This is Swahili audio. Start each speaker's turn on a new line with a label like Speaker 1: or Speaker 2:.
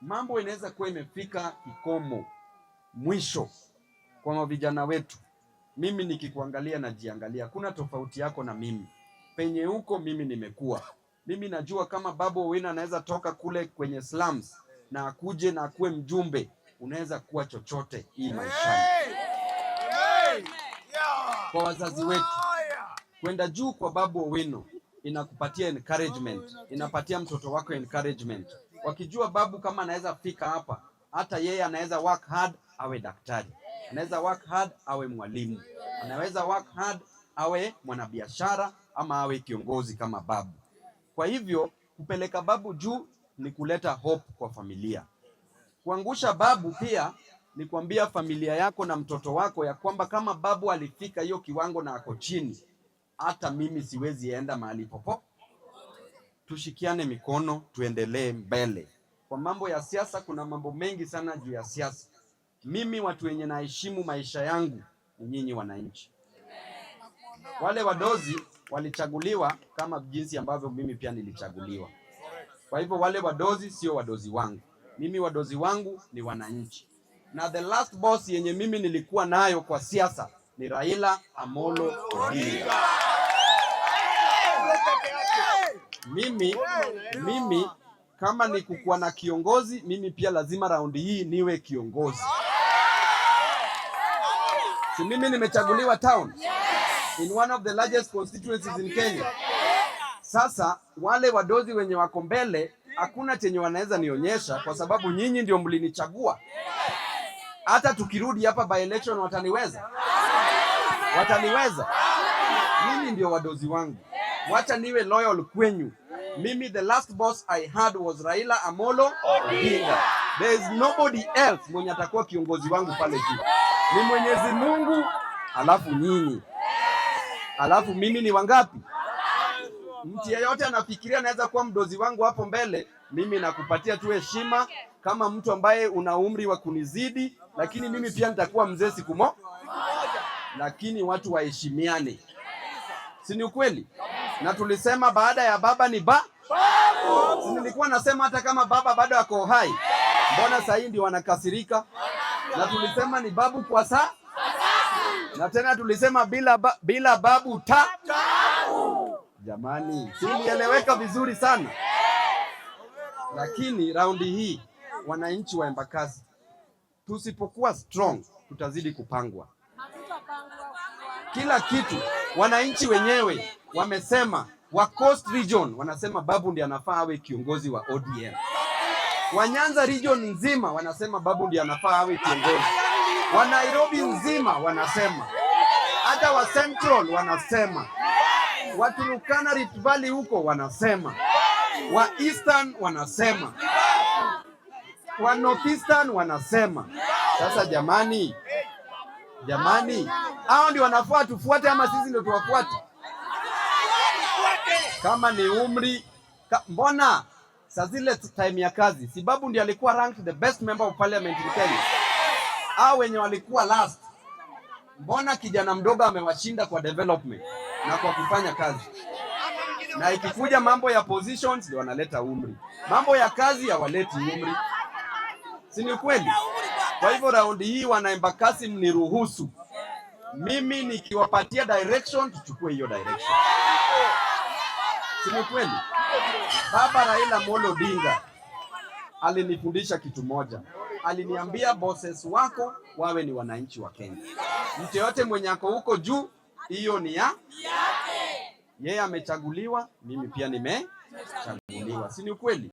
Speaker 1: mambo inaweza kuwa imefika kikomo, mwisho kwa vijana wetu. Mimi nikikuangalia najiangalia, kuna tofauti yako na mimi penye huko mimi nimekuwa. Mimi najua kama Babu Owino anaweza toka kule kwenye slums na akuje na akuwe mjumbe, unaweza kuwa chochote hii maishani. Kwa wazazi wetu kwenda juu kwa Babu Owino inakupatia encouragement, inapatia mtoto wako encouragement wakijua babu kama anaweza fika hapa, hata yeye anaweza work hard awe daktari, anaweza work hard awe mwalimu, anaweza work hard awe mwanabiashara ama awe kiongozi kama babu. Kwa hivyo kupeleka babu juu ni kuleta hope kwa familia. Kuangusha babu pia ni kuambia familia yako na mtoto wako ya kwamba kama babu alifika hiyo kiwango na ako chini, hata mimi siwezi enda mahali popote tushikiane mikono, tuendelee mbele. Kwa mambo ya siasa, kuna mambo mengi sana juu ya siasa. Mimi watu wenye naheshimu maisha yangu ni nyinyi wananchi. Wale wadozi walichaguliwa kama jinsi ambavyo mimi pia nilichaguliwa. Kwa hivyo wale wadozi sio wadozi wangu, mimi wadozi wangu ni wananchi, na the last boss yenye mimi nilikuwa nayo kwa siasa ni Raila Amolo Odinga mimi, mimi kama ni kukuwa na kiongozi, mimi pia lazima raundi hii niwe kiongozi. Si mimi nimechaguliwa town in one of the largest constituencies in Kenya. Sasa wale wadozi wenye wako mbele hakuna chenye wanaweza nionyesha kwa sababu nyinyi ndio mlinichagua. Hata tukirudi hapa by election wataniweza, wataniweza. Nyinyi ndio wadozi wangu. Wacha niwe loyal kwenyu. Mimi the last boss I had was Raila Amolo Odinga. There is nobody else mwenye atakuwa kiongozi wangu pale juu. Ni Mwenyezi Mungu alafu nyinyi. Alafu mimi ni wangapi? Mtu yeyote anafikiria anaweza kuwa mdozi wangu hapo mbele, mimi nakupatia tu heshima kama mtu ambaye una umri wa kunizidi, lakini mimi pia nitakuwa mzee siku moja. Lakini watu waheshimiane, si ni ukweli? na tulisema baada ya baba ni ba babu. Nilikuwa nasema hata kama baba bado ako hai, mbona sahii ndio wanakasirika? Na tulisema ni babu kwa saa, na tena tulisema bila, ba, bila babu ta Jamani, silieleweka vizuri sana, lakini raundi hii wananchi wa Embakasi tusipokuwa strong tutazidi kupangwa kila kitu Wananchi wenyewe wamesema wa Coast Region wanasema Babu ndiye anafaa awe kiongozi wa ODM. Wa Nyanza Region nzima wanasema Babu ndiye anafaa awe kiongozi. Wa Nairobi nzima wanasema, hata wa Central wanasema, wa Turkana Rift Valley huko wanasema, wa Eastern wanasema, wa Northeastern wanasema. Sasa jamani Jamani, hao ndio wanafaa tufuate ama sisi ndio tuwafuate? Kama ni umri ka, mbona sa zile time ya kazi Sibabu ndio alikuwa ranked the best member of parliament in Kenya. Hao wenye walikuwa last, mbona kijana mdogo amewashinda kwa development na kwa kufanya kazi, na ikikuja mambo ya positions ndio wanaleta umri, mambo ya kazi hawaleti umri, si ni kweli? Kwa hivyo raundi hii wana Embakasi, mniruhusu mimi nikiwapatia direction, tuchukue hiyo direction, si kweli? Baba Raila Molo Odinga alinifundisha kitu moja, aliniambia bosses wako wawe ni wananchi wa Kenya. Mtu yote mwenye ako huko juu, hiyo ni ya yeye, amechaguliwa. Mimi pia nimechaguliwa, si ni ukweli?